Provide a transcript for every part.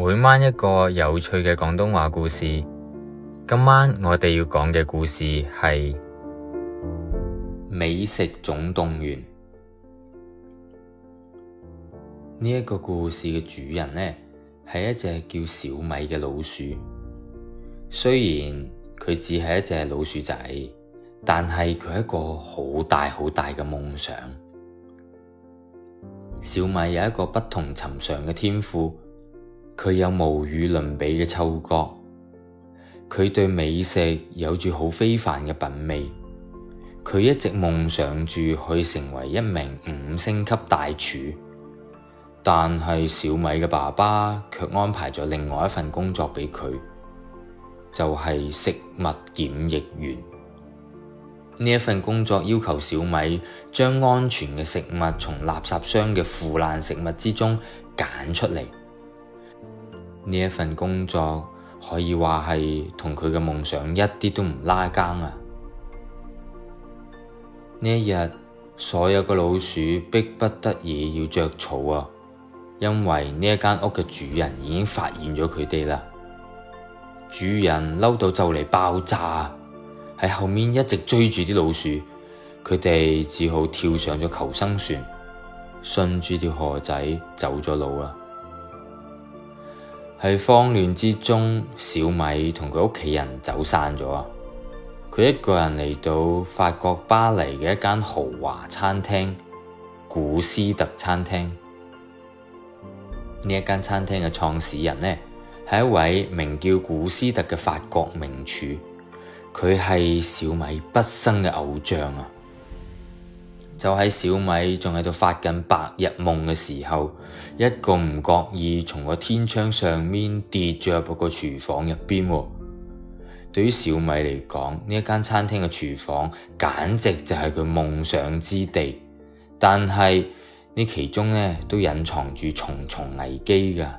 每晚一個有趣嘅廣東話故事，今晚我哋要講嘅故事係美食總動員。呢一個故事嘅主人呢，係一隻叫小米嘅老鼠。雖然佢只係一隻老鼠仔，但係佢係一個好大好大嘅夢想。小米有一個不同尋常嘅天賦。佢有無與倫比嘅嗅覺，佢對美食有住好非凡嘅品味。佢一直夢想住去成為一名五星級大廚，但係小米嘅爸爸卻安排咗另外一份工作俾佢，就係食物檢疫員。呢一份工作要求小米將安全嘅食物從垃圾箱嘅腐爛食物之中揀出嚟。呢一份工作可以話係同佢嘅夢想一啲都唔拉更啊！呢一日，所有嘅老鼠逼不得已要着草啊，因為呢一間屋嘅主人已經發現咗佢哋啦。主人嬲到就嚟爆炸，喺後面一直追住啲老鼠，佢哋只好跳上咗求生船，順住條河仔走咗路啊。喺慌亂之中，小米同佢屋企人走散咗啊！佢一個人嚟到法國巴黎嘅一間豪華餐廳——古斯特餐廳。呢一間餐廳嘅創始人呢，係一位名叫古斯特嘅法國名廚，佢係小米畢生嘅偶像啊！就喺小米仲喺度發緊白日夢嘅時候，一個唔覺意從個天窗上面跌咗入個廚房入邊。對於小米嚟講，呢一間餐廳嘅廚房簡直就係佢夢想之地，但係呢，其中呢都隱藏住重重危機噶。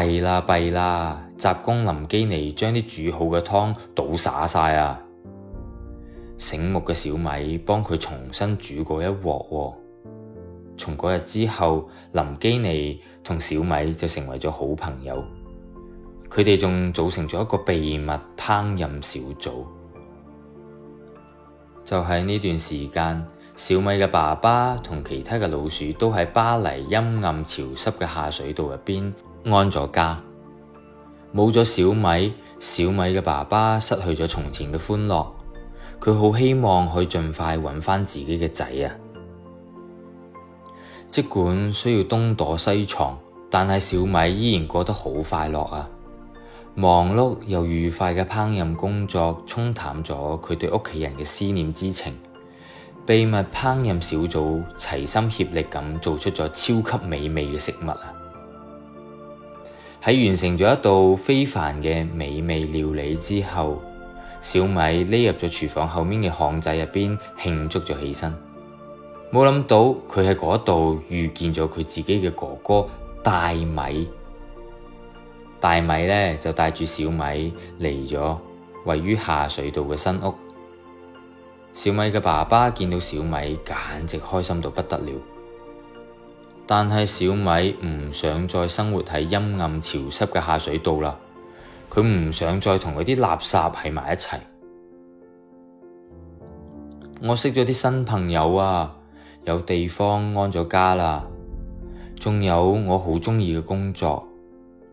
弊啦弊啦！雜工林基尼將啲煮好嘅湯倒灑晒啊！醒目嘅小米幫佢重新煮過一鍋喎。從嗰日之後，林基尼同小米就成為咗好朋友。佢哋仲組成咗一個秘密烹飪小組。就喺呢段時間，小米嘅爸爸同其他嘅老鼠都喺巴黎陰暗潮濕嘅下水道入邊安咗家。冇咗小米，小米嘅爸爸失去咗從前嘅歡樂。佢好希望可以盡快揾翻自己嘅仔啊！儘管需要東躲西藏，但係小米依然過得好快樂啊！忙碌又愉快嘅烹飪工作沖淡咗佢對屋企人嘅思念之情。秘密烹飪小組齊心協力咁做出咗超級美味嘅食物啊！喺完成咗一道非凡嘅美味料理之後。小米匿入咗廚房後面嘅巷仔入邊慶祝咗起身，冇諗到佢喺嗰度遇見咗佢自己嘅哥哥大米。大米呢，就帶住小米嚟咗位於下水道嘅新屋。小米嘅爸爸見到小米簡直開心到不得了，但係小米唔想再生活喺陰暗潮濕嘅下水道啦。佢唔想再同嗰啲垃圾喺埋一齊。我識咗啲新朋友啊，有地方安咗家啦，仲有我好鍾意嘅工作。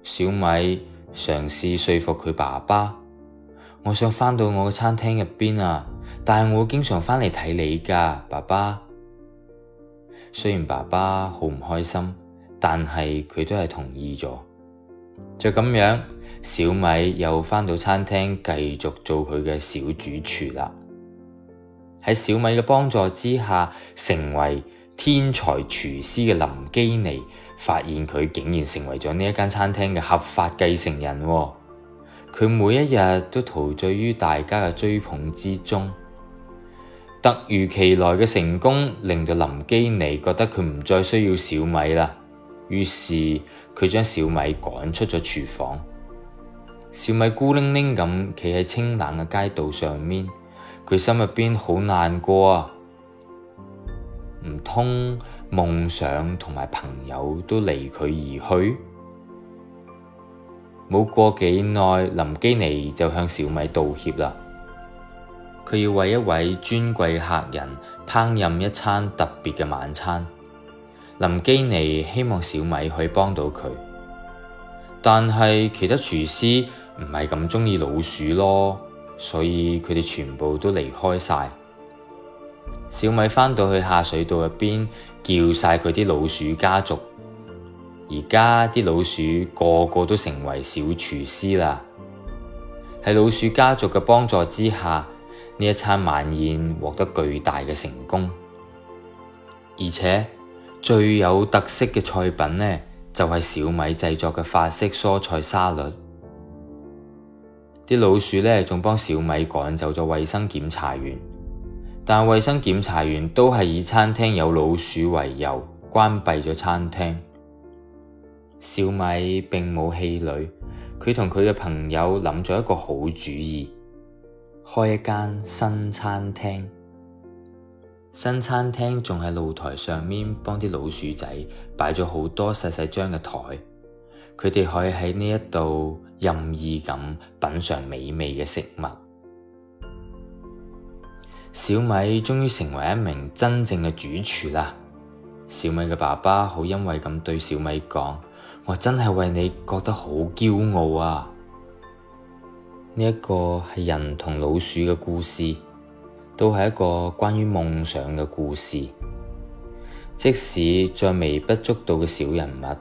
小米嘗試說服佢爸爸，我想返到我嘅餐廳入邊啊，但係我經常返嚟睇你噶，爸爸。雖然爸爸好唔開心，但係佢都係同意咗。就咁樣，小米又返到餐廳繼續做佢嘅小主廚啦。喺小米嘅幫助之下，成為天才廚師嘅林基尼發現佢竟然成為咗呢一間餐廳嘅合法繼承人喎。佢每一日都陶醉於大家嘅追捧之中。突如其來嘅成功，令到林基尼覺得佢唔再需要小米啦。於是佢將小米趕出咗廚房。小米孤零零咁企喺清冷嘅街道上面，佢心入邊好難過啊！唔通夢想同埋朋友都離佢而去？冇過幾耐，林基尼就向小米道歉啦。佢要為一位尊貴客人烹飪一餐特別嘅晚餐。林基尼希望小米可以幫到佢，但係其他廚師唔係咁鍾意老鼠咯，所以佢哋全部都離開晒。小米翻到去下水道入邊叫晒佢啲老鼠家族，而家啲老鼠個個都成為小廚師啦。喺老鼠家族嘅幫助之下，呢一餐晚宴獲得巨大嘅成功，而且。最有特色嘅菜品呢，就係小米製作嘅法式蔬菜沙律。啲老鼠呢，仲幫小米趕走咗衛生檢查員，但係衛生檢查員都係以餐廳有老鼠為由，關閉咗餐廳。小米並冇氣餒，佢同佢嘅朋友諗咗一個好主意，開一間新餐廳。新餐廳仲喺露台上面，幫啲老鼠仔擺咗好多細細張嘅台，佢哋可以喺呢一度任意咁品嘗美味嘅食物。小米終於成為一名真正嘅主廚啦！小米嘅爸爸好欣慰咁對小米講：「我真係為你覺得好驕傲啊！呢一個係人同老鼠嘅故事。都係一個關於夢想嘅故事，即使再微不足道嘅小人物，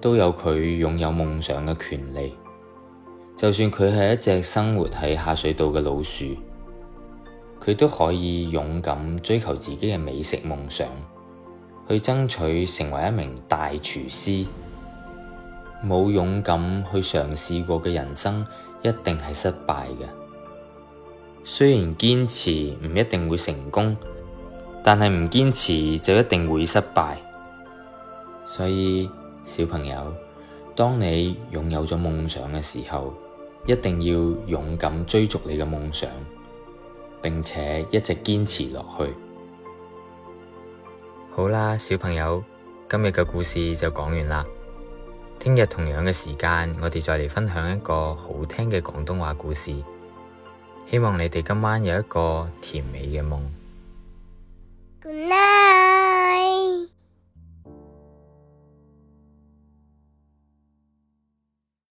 都有佢擁有夢想嘅權利。就算佢係一隻生活喺下水道嘅老鼠，佢都可以勇敢追求自己嘅美食夢想，去爭取成為一名大廚師。冇勇敢去嘗試過嘅人生，一定係失敗嘅。雖然堅持唔一定會成功，但係唔堅持就一定會失敗。所以小朋友，當你擁有咗夢想嘅時候，一定要勇敢追逐你嘅夢想，並且一直堅持落去。好啦，小朋友，今日嘅故事就講完啦。聽日同樣嘅時間，我哋再嚟分享一個好聽嘅廣東話故事。希望你哋今晚有一個甜美嘅夢。